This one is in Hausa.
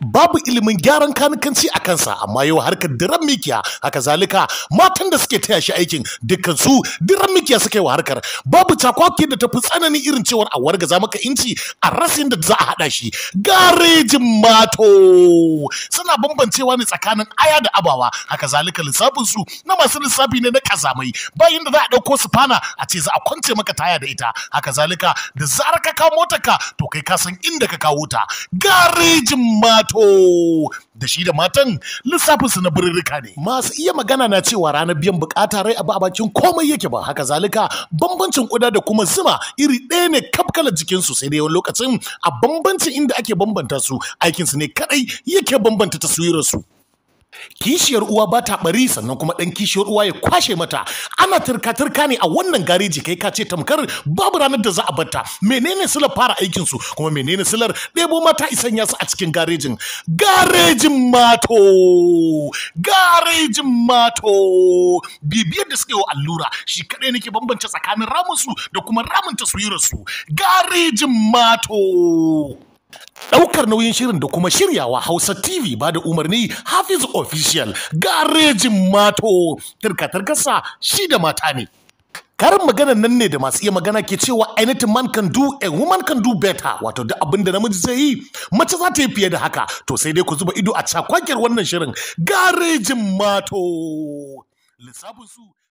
babu ilimin gyaran kanikanci a kansa amma yau harkar diran mikiya haka zalika matan da suke taya shi aikin dukkan su diran mikiya suka wa harkar babu cakwaki da tafi tsananin irin cewar a wargaza maka inci a rasin da za a haɗa shi garejin mato suna bambancewa ne tsakanin aya da abawa haka zalika lissafin su na masu lissafi ne na kazamai bayan da za a ɗauko su a ce za a kwance maka taya da ita haka zalika da zarar ka kawo motarka to kai ka san inda ka kawo ta garejin mato wato da shi da matan lissafinsu na birirrika ne masu iya magana na cewa ranar biyan bukata rai abu a bakin komai yake ba haka zalika bambancin kuda da kuma zuma iri ɗaya ne kafkalar jikinsu sai da yawan lokacin a bambancin inda ake bambanta su aikinsu ne kadai yake bambanta su kishiyar uwa ba ta bari sannan kuma ɗan kishiyar uwa ya kwashe mata ana turka-turka ne a wannan gareji kai ka ce tamkar babu ranar da za a batta menene silar fara aikin su kuma menene silar ɗebo mata isan yasu a cikin garejin garejin mato garejin mato bibiyar da suke wa allura shi kaɗai nake bambance tsakanin ramin su da kuma ramin taswirar su garejin mato Ɗaukar nauyin shirin da kuma shiryawa Hausa TV ba da umarni Hafiz Official garejin mato tarka shi da mata ne. Karin magana nan ne da masu iya magana ke cewa anything man can do a woman can do better wato duk abin da namiji zai yi mace za ta yi fiye da haka to sai dai ku zuba ido a cakwakiyar wannan shirin garejin mato lissafin